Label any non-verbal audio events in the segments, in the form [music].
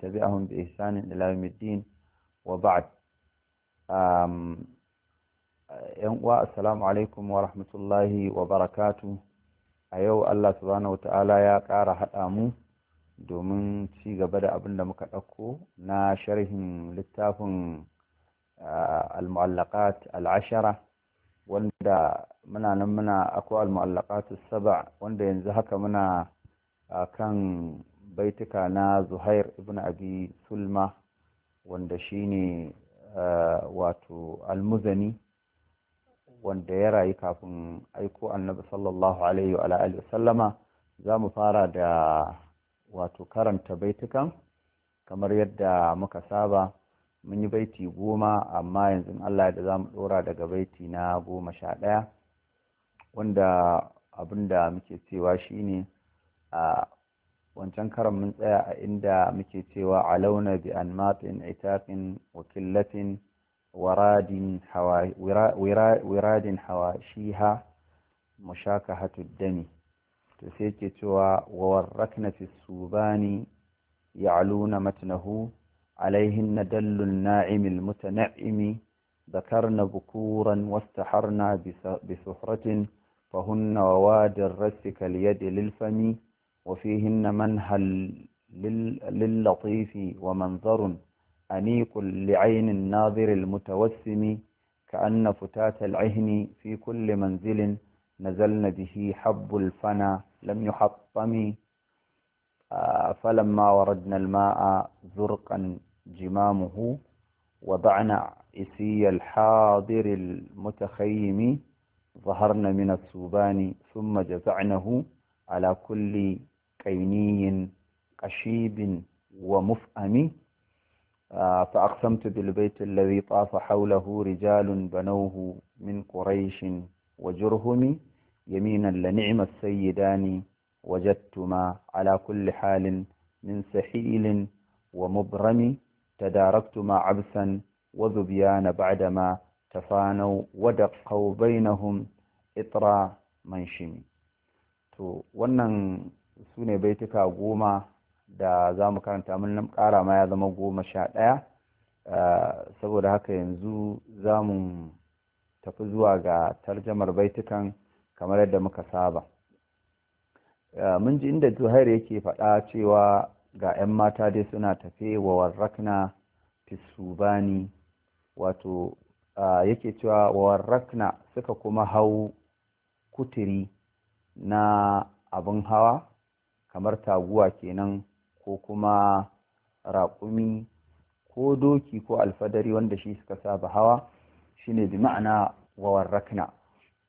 tabi'ahum bi yan uwa assalamu alaikum wa rahmatullahi wa barakatu a yau Allah subhanahu wa ta'ala ya ƙara haɗa mu domin ci gaba da abin da muka ɗauko na sharhin littafin al-mu'allaqat al-ashara wanda muna nan muna akwai al saba wanda yanzu haka muna akan. baituka na zuhair ibn abi sulma wanda shine eh, wato almuzani wanda ya rayu kafin aiko annabi sallallahu alaihi wa alihi sallama za mu fara da wato karanta baitukan kamar yadda muka saba mun yi baiti goma amma yanzu Allah da za mu ɗora daga baiti na goma sha ɗaya wanda abinda muke cewa shine ah, wancan karan mun tsaya a inda muke cewa alauna bi an matin itaƙin wakillatin wiradin hawa shiha mushakahatu dami to sai ke cewa wa warrakna fi subani ya'luna matnahu عليهن دل الناعم المتنعم ذكرن بكورا واستحرنا بسحرة فهن وواد الرس كاليد للفم وفيهن منهل للطيف ومنظر أنيق لعين الناظر المتوسم كأن فتاة العهن في كل منزل نزلن به حب الفنا لم يحطم آه، فلما وردنا الماء زرقا جمامه وضعنا إسي الحاضر المتخيم ظهرن من الثوبان ثم جزعنه على كل كيني قشيب ومفأم آه، فأقسمت بالبيت الذي طاف حوله رجال بنوه من قريش وجرهم يمينا لنعم السيدان وجدتما على كل حال من سحيل ومبرم تداركتما عبثا وذبيان بعدما تفانوا ودقوا بينهم إطرا منشم تو ونن su ne baituka goma da za mu karanta mun ƙara ma ya zama goma sha ɗaya eh, saboda haka yanzu za mu tafi zuwa ga tarjamar baitukan kamar yadda muka saba eh, mun ji inda zuhair yake faɗa cewa ga 'yan mata dai suna tafe wa warrakna fisubani wato eh, yake cewa wa warrakna suka kuma hau kuturi na abin hawa kamar taguwa kenan ko kuma raƙumi ko doki ko alfadari wanda shi suka saba hawa shine bi ma'ana wawan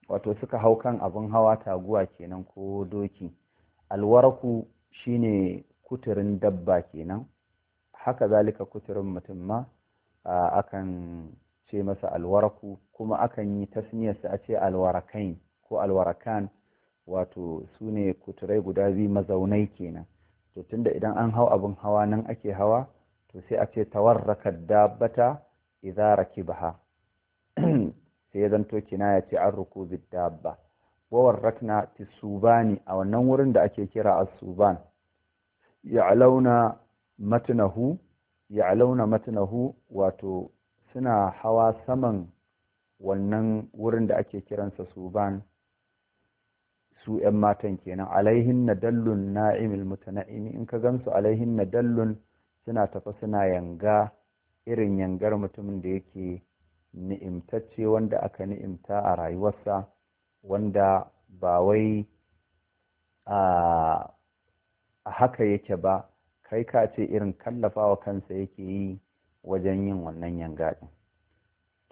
wato suka hau kan abin hawa taguwa kenan ko doki alwaraku shine kuturin dabba kenan haka zalika kuturin mutum ma akan ce masa alwaraku kuma akan yi tasniyarsa a ce alwarakai ko alwarakan wato su ne kuturai guda biyu mazaunai kenan to tunda idan an hau abin hawa nan ake hawa to sai a ce tawarraka dabbata idza rakibaha [clears throat] sai ya zanto ya ce an rukubi dabba wawar rakna tisubani a wannan wurin da ake kira as-suban ya'launa matnahu ya'launa matnahu wato suna hawa saman wannan wurin da ake kiransa suban su 'yan matan kenan alaihin na dallun na'imil mutana'imi in ka gansu alaihin na dallun suna tafa suna yanga irin yangar mutumin da yake ni'imtacce wanda aka ni'imta a rayuwarsa wanda ba wai a haka yake ba kai ka ce irin kallafawa kansa yake yi wajen yin wannan yanga ɗin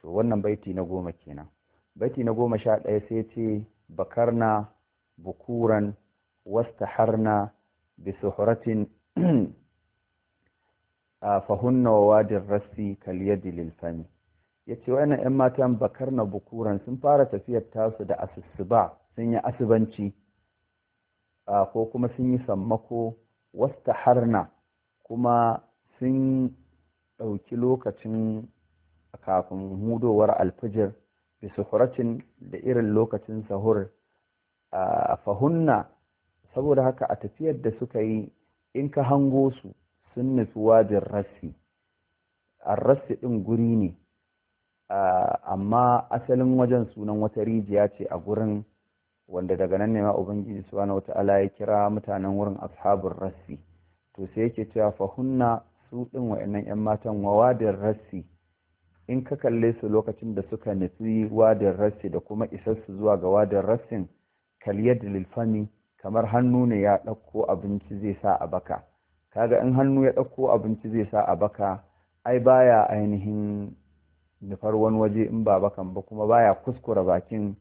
to wannan baiti na goma kenan baiti na goma sha ɗaya sai ce bakarna بكورا واستحرنا بسحرة فهن ووادي الرس كاليد للفم yace wa'annan 'yan matan bakar na bukuran sun fara tafiyar tasu da asusuba sun yi asubanci ko kuma sun yi sammako wasta harna kuma sun ɗauki lokacin kafin hudowar alfijir bi da irin lokacin sahur fahunna saboda haka a tafiyar da suka yi in ka hango su sun nufi wajen rassi rassi ɗin guri ne amma asalin wajen sunan wata rijiya ce a gurin wanda daga nan ne ubangiji ubangiji wata wata'ala ya kira mutanen wurin ashabin rassi to sai yake cewa fahunna su ɗin wa'annan 'yan matan wa wadin rassi in ka kalle su lokacin da suka nufi wadin rassi da kuma isar su zuwa ga wadin rassin da lilfani kamar hannu ne ya ɗauko abinci zai sa a baka kaga in hannu ya ɗauko abinci zai sa a baka ai baya ainihin nufar wani waje in ba bakan ba kuma baya kuskura bakin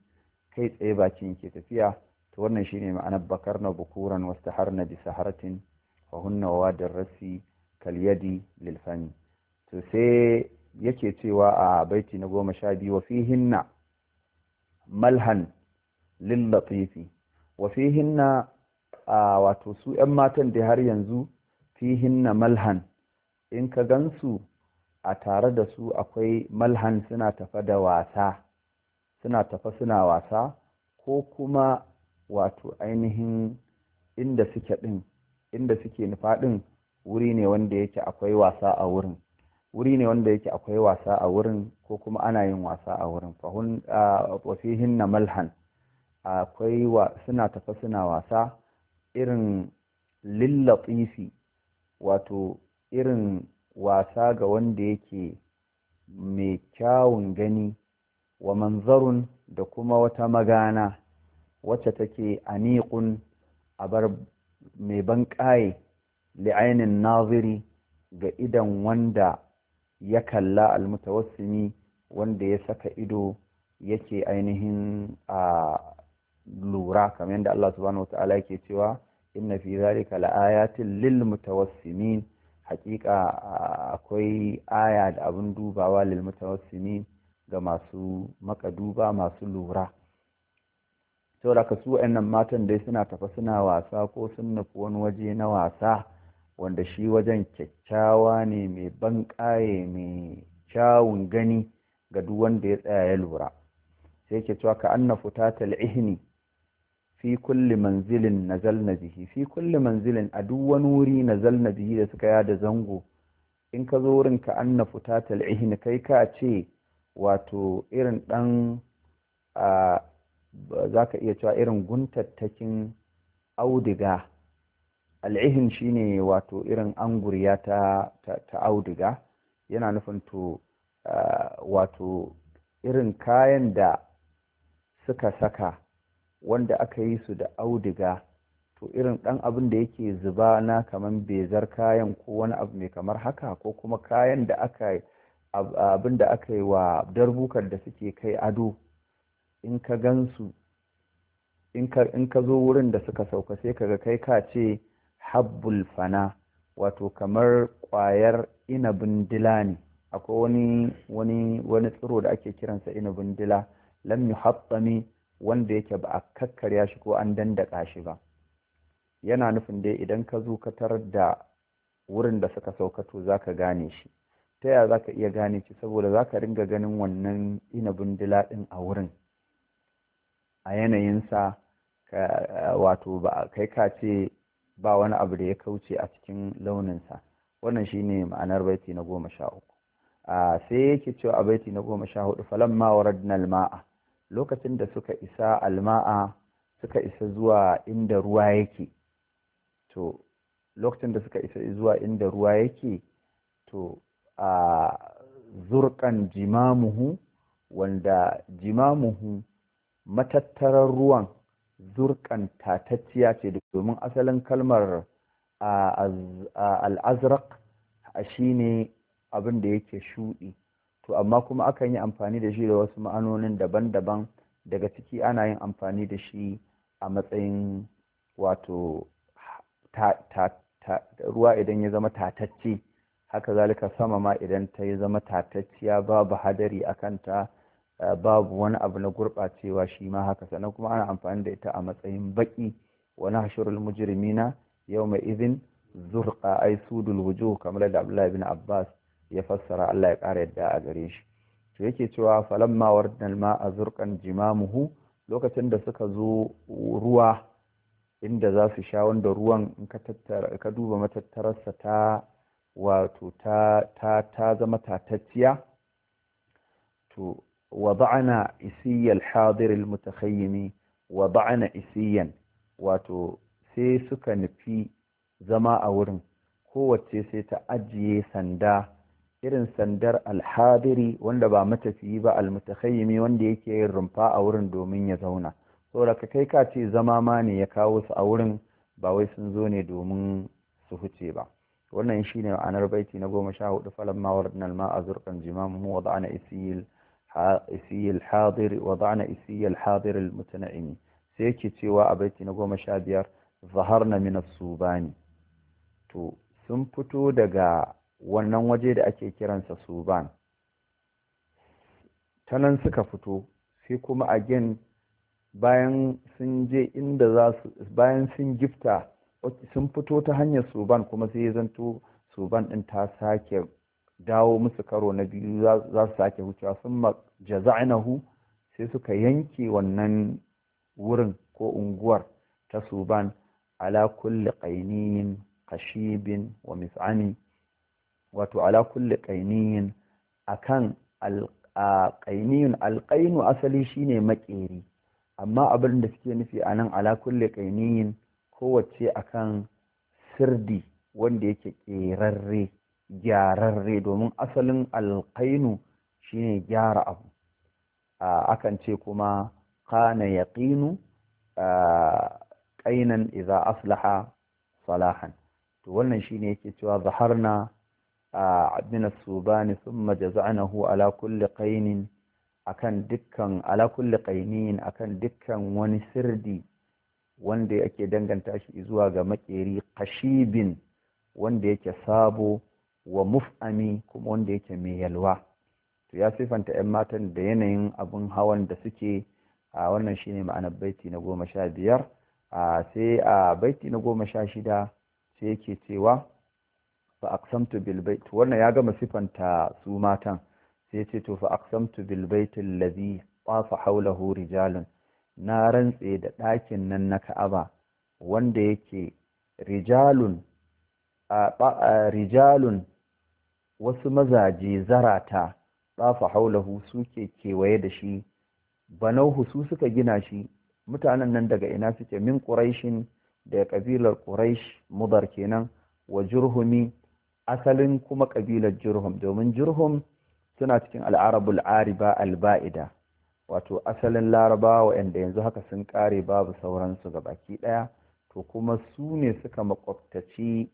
kai tsaye bakin ke tafiya to wannan shine ma'anar bakar na bukuran wasta har na bisa haratin wa wa da rasi kalyadi lilfani to sai yake cewa a baiti na goma sha biyu wa fihinna malhan lillatifi wa fihinna a wato su 'yan matan da har yanzu fihinna malhan in ka gansu a tare da su akwai malhan suna tafa da wasa suna tafa suna wasa ko kuma wato ainihin inda suke din inda suke nufa din wuri ne wanda yake akwai wasa a wurin wuri ne wanda yake akwai wasa a wurin ko kuma ana yin wasa a wurin wasihin na malhan akwai wa suna tafa suna wasa irin lillatifi wato irin wasa ga wanda yake mai kyawun gani wa manzarun da kuma wata magana wacce take aniqun abar mai ban ƙaye li'ainin naziri ga idan wanda ya kalla almutawassimi wanda ya saka ido yake ainihin a lura kamar yadda Allah subhanahu ta'ala yake cewa inna fi zalika la'ayatin lil mutawassimin haƙiƙa akwai aya da abun dubawa lil mutawassimin ga masu makaduba masu lura saboda ka su wayannan matan dai suna tafa suna wasa ko sun nufi wani waje na wasa wanda shi wajen kyakkyawa ne mai ban ƙaye mai kyawun gani ga duk wanda ya tsaya ya lura sai ke cewa ka anna tatal ihni fi kulli manzilin na bihi fi kulli manzilin a duk wani wuri na bihi da suka yada zango in ka zo wurin ka anna futatal ihn kai ka ce wato irin dan za ka iya cewa irin guntattakin audiga al'ihin shine wato irin anguriya ta, ta, audiga yana nufin to wato irin kayan da suka saka wanda aka yi su da auduga to irin ɗan abin da yake zuba na kamar bezar kayan ko wani abu mai kamar haka ko kuma kayan da aka abin da aka yi wa darbukar da suke kai ado in ka gansu in ka zo wurin da suka sauka sai kaga kai ka ce habbul fana wato kamar kwayar inabin dila ne akwai wani tsiro da ake kiransa inabin dila lam yuhattami wanda yake ba a kakkarya shi ko an dandaka shi ba yana nufin dai idan ka zo ka tarar da wurin da suka sauka to za ka gane shi ta yaya za ka iya gane shi saboda za ka ringa ganin wannan inabin dila ɗin a wurin a yanayinsa wato ba kai ka ce ba wani abu da ya kauce a cikin launinsa wannan shi ne ma'anar baiti na goma sha uku ah, sai yake cewa a baiti na goma sha hudu falamma waradnal ma'a lokacin da suka isa alma'a suka isa zuwa inda ruwa yake to lokacin da suka isa zuwa inda ruwa yake to a zurkan jimamuhu wanda jimamuhu matattarar ruwan zurkan tatacciya ce domin asalin kalmar al'azraq shi ne abin da yake shuɗi to amma kuma akan yi amfani da shi da wasu ma'anonin daban-daban daga ciki ana yin amfani da shi a matsayin wato ruwa idan ya zama tatacce haka zalika sama ma idan ta yi zama tatacciya babu hadari a kanta eh, babu wani abu na gurɓacewa shi ma haka sannan kuma ana amfani da ita a matsayin baƙi wani hashirul mujrimina yau mai izin zurƙa ai sudul wujuh kamar da abdullahi bin abbas ya fassara Allah ya ƙara yadda a gare shi to yake cewa falamma wardan ma azurqan jimamuhu lokacin da suka zo ruwa inda za su sha wanda ruwan in ka tattara ka duba matattararsa ta wato ta ta ta zama tatacciya to wada'na isiyyal hadir almutakhayyimi wada'na isiyan wato sai suka nufi zama a wurin kowace sai ta ajiye sanda irin sandar alhadiri wanda ba matafiyi ba almutakhayyimi wanda yake yin rumfa a wurin domin ya zauna saboda kai ka ce zama ma ne ya kawo su a wurin ba wai sun zo ne domin su huce ba wannan shine ma'anar baiti na goma sha hudu falan ma waradna ma a zurqan jimamu wa da'ana isiyil hadir isiyil hadir almutana'imi sai yake cewa a baiti na goma sha biyar zaharna min as-subani to sun fito daga wannan waje da ake kiransa suban ta nan suka fito sai kuma again bayan sun je inda za su bayan sun gifta sun fito ta hanyar suban kuma sai ya zanto suban ɗin ta sake dawo musu karo na biyu za su sake wucewa sun jaza'inahu sai suka yanke wannan wurin ko unguwar ta suban ala kulli qainin qashibin wa mis'ani wato ala kulli qainiyin akan alqainiyun alqainu asali shine maƙeri amma abin da suke nufi anan ala kulli qainiyin kowace akan sirdi wanda yake ƙerarre gyararre domin asalin alqainu shine gyara abu akan ce kuma kana yaqinu qainan iza aslaha salahan to wannan shine yake cewa zaharna من as-subani جزعنه على كل قين akan dukkan ala kulli akan dukkan wani sirdi wanda yake danganta shi zuwa ga makeri qashibin wanda yake sabo wa muf'ami kuma wanda yake mai yalwa to ya sifanta 'yan matan da yanayin abun hawan da suke a wannan shine ma'anar baiti na goma sha biyar sai a baiti na goma sha shida sai yake cewa fa aqsamtu bil bait wannan ya gama sifanta su matan sai ya ce to fa aqsamtu bil bait allazi tafa hawlahu rijalun na rantse da ɗakin nan na Ka'aba wanda yake rijalun a rijalun wasu mazaje zarata tafa hawlahu suke kewaye da shi banauhu su suka gina shi mutanen nan daga ina suke min quraishin da kabilar quraish mudar kenan wa jurhumi asalin kuma ƙabilar jirhum domin jirhum suna cikin al'arabul ariba alba'ida wato asalin larabawa inda yanzu haka sun kare babu sauransu ga baki ɗaya to kuma su ne suka makwabtaci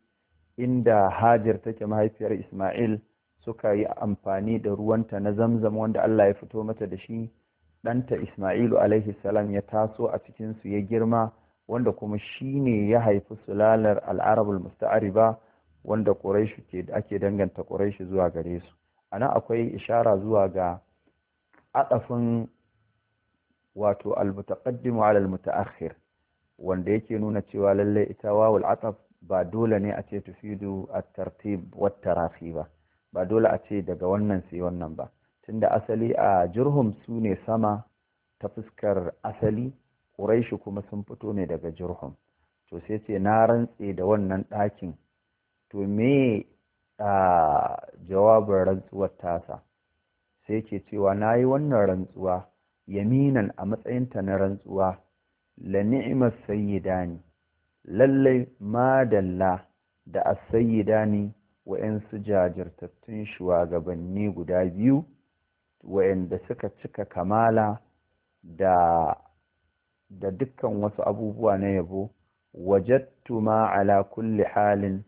inda hajar take mahaifiyar isma'il suka yi amfani da ruwanta na zamzam wanda allah ya fito mata da shi ɗanta isma'ilu alaihi salam ya taso a cikinsu ya girma wanda kuma shi ne ya haifi sulalar al'arabul musta'ariba wanda quraishu ke ake danganta quraishu zuwa gare su ana akwai ishara zuwa ga adafin wato almutaqaddimu ala almutaakhir wanda yake nuna cewa lallai ita wawul ataf ba dole ne a ce tufidu at-tartib wat tarafi ba ba dole a ce daga wannan sai wannan ba tunda asali a jirhum sune sama ta fuskar asali quraishi kuma sun fito ne daga jirhum. to sai ce na rantse da wannan ɗakin to me a jawabin rantsuwar tasa sai ke cewa na yi wannan rantsuwa yaminan a matsayinta na rantsuwa la ni'imar sayyidani lallai madalla da a sayyida sayyidani wa'yansu jajirtattun shugabanni guda biyu wa'yanda suka cika kamala da da dukkan wasu abubuwa na yabo wajattu ma ala kulli halin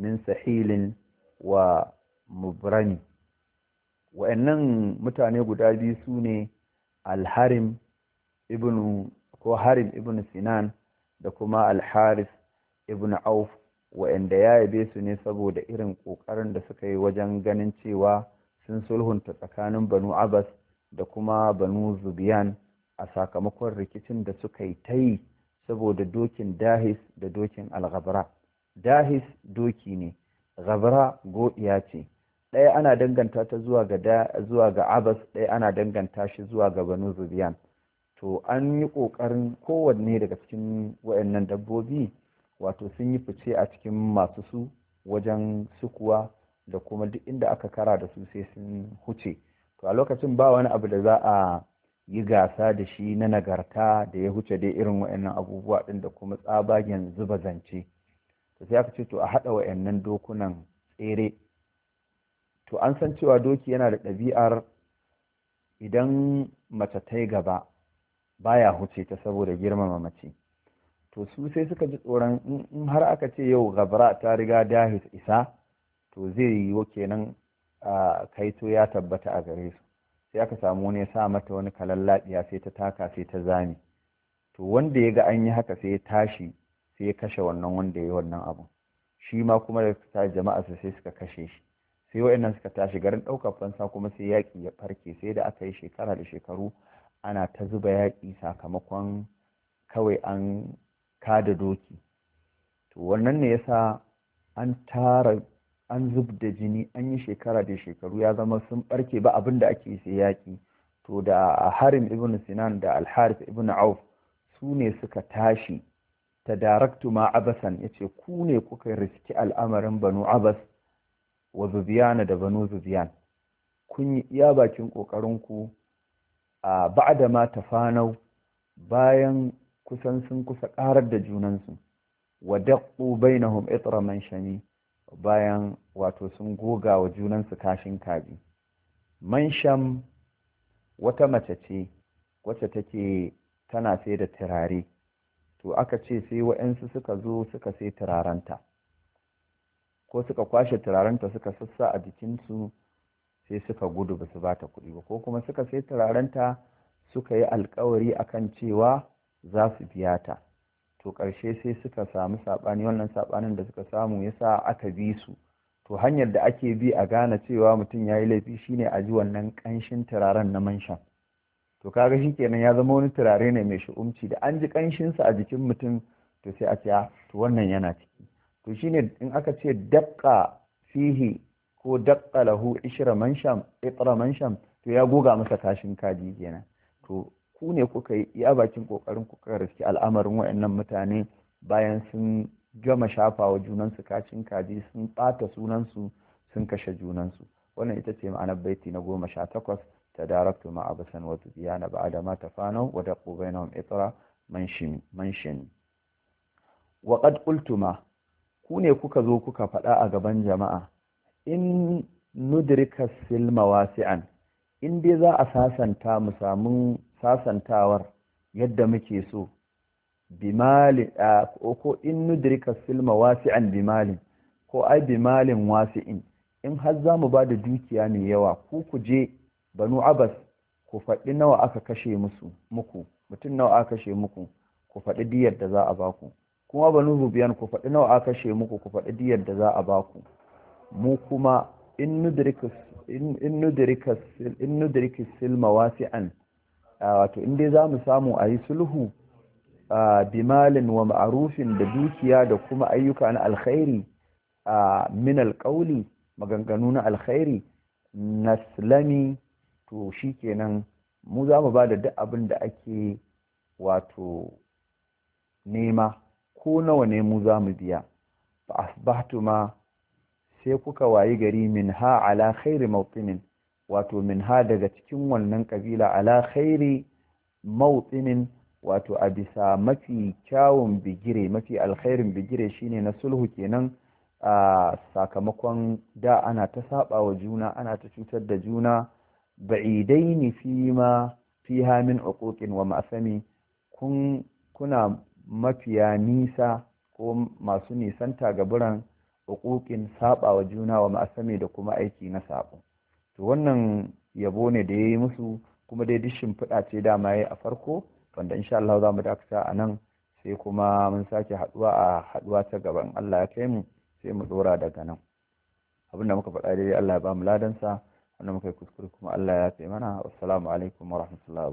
min sahilin wa mubrani wa'annan mutane guda biyu su ne alharim ibnu ko harim ibnu sinan da kuma alharis ibnu auf wa'anda ya yabe su ne saboda irin ƙoƙarin da suka yi wajen ganin cewa sun sulhunta tsakanin banu abbas da kuma banu zubiyan a sakamakon rikicin da suka yi ta yi saboda dokin dahis da dokin algabra dahis doki ne gabra godiya ce ɗaya ana danganta ta zuwa ga zuwa ga abas ɗaya ana danganta shi zuwa ga banu zubiyan to an yi ƙoƙarin kowanne daga cikin wayannan dabbobi wato sun yi fice a cikin masu su wajen sukuwa da kuma duk inda aka kara da su sai sun huce to a lokacin ba wani abu da za a yi gasa da shi na nagarta da ya huce dai irin wayannan abubuwa din da kuma tsabagen zuba zance sai aka ce to a haɗa wayannan dokunan tsere to an san cewa doki yana da ɗabi'ar idan mace ta yi gaba baya huce ta saboda girmama mace to su sai suka ji tsoron in har aka ce yau gabara ta riga dahi isa to zai wa kenan a kaito ya tabbata a gare su sai aka samu wani ya sa mata wani kalan laɗiya sai ta taka sai ta zame to wanda ya ga an yi haka sai ya tashi sai ya kashe wannan wanda ya yi wannan abun shi ma kuma da ta jama'a su sai suka kashe shi sai wa'annan suka tashi garin ɗaukar fansa kuma sai yaƙi ya farke sai da aka yi shekara da shekaru ana ta zuba yaƙi sakamakon kawai an kada doki to wannan ne yasa an tara an zub da jini an yi shekara da shekaru ya zama sun barke ba abin da ake sai yaƙi to da harim ibn sinan da alharif ibn auf su ne suka tashi tadaraktu ma abasan yace ku ne kuka riski al'amarin banu abas wa zubiyana da banu zubiyan kun yi iya bakin ƙoƙarinku a ba'da ma tafanau bayan kusan sun kusa ƙarar da junansu wa daqqu bainahum itraman shani bayan wato sun goga wa junansu kashin kaji sham wata mace ce wacce take tana sai da turare to aka ce sai wa'yansu suka zo suka sai turarenta ko suka kwashe turarenta suka sassa a jikinsu sai suka gudu ba su ba ta kuɗi ba ko kuma suka sai turarenta suka yi alkawari kan cewa za su biya ta to ƙarshe sai suka samu saɓani wannan saɓanin da suka samu ya sa aka bi su to hanyar da ake bi a gane cewa mutum ya yi laifi shine a ji wannan ƙanshin turaren na manshan to kaga kenan ya zama wani turare ne mai shu'umci da an ji kanshinsa a jikin mutum to sai a ce ah, to wannan yana ciki to shine in aka ce daqqa fihi ko daqqa lahu ishra mansham itra mansham to ya goga masa kashin kaji kenan to ku ne kuka yi iya bakin kokarin kuka riski al'amarin wayannan mutane bayan sun gama shafawa junansu kashin kaji sun bata sunansu sun kashe junansu wannan ita ce ma'anar baiti na goma sha takwas تداركت مع بسا وتبيان بعد ما تفانوا ودقوا بينهم إطرا منشن منشن وقد قلتما kuka كوكا ذو كوكا فلا أغبان جماعة إن ندرك السلم واسعا in dai za a sasanta mu samu sasantawar yadda muke so bimalin in nudrika silma wasi'an bimalin ko ai bimalin wasi'in in har za mu ba da dukiya mai yawa ku ku je banu abas ku faɗi nawa aka kashe musu muku mutum nawa aka kashe muku ku faɗi diyar da za a baku kuma banu rubiyan ku faɗi nawa aka kashe muku ku faɗi diyar da za a baku mu kuma in nudrika silma wasi'an wato in dai za mu samu a yi sulhu bimalin wa ma'arufin da dukiya da kuma ayyuka na alkhairi min alƙauli maganganu na alkhairi naslami to shi kenan mu za mu ba da duk abin da ake wato nema ko nawa ne mu za mu biya fa ma sai kuka wayi gari min ha ala khairi mawtinin wato min ha daga cikin wannan kabila ala khairi mawtinin wato a bisa mafi kyawun bigire mafi alkhairin bigire shine na sulhu kenan a ah, sakamakon da ana ta saba wa juna ana ta cutar da juna ba'idaini fi ma fiha min uquqin wa ma'asami kun kuna mafiya nisa ko masu nisanta ga buran uquqin saba juna wa ma'asami da kuma aiki na sabo to wannan yabo ne da yayi musu kuma dai dishin shimfiɗa ce dama yayi a farko wanda insha Allah za mu dakata a nan sai kuma mun sake haɗuwa a haɗuwa ta gaban Allah ya kai mu sai mu ɗora daga nan abinda muka faɗa dai Allah ya ba mu ladansa أنا ممكن يكون ألا يأتي منها والسلام عليكم ورحمة الله وبركاته